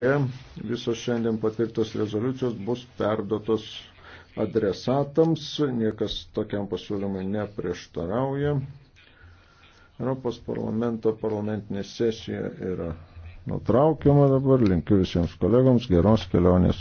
E visos šiandien patvirtos rezoliucijos bus perdotos adresatams, niekas tokiam pasiūlymui neprieštarauja. Europos parlamento parlamentinė sesija yra nutraukiama dabar. Linkiu visiems kolegoms geros kelionės.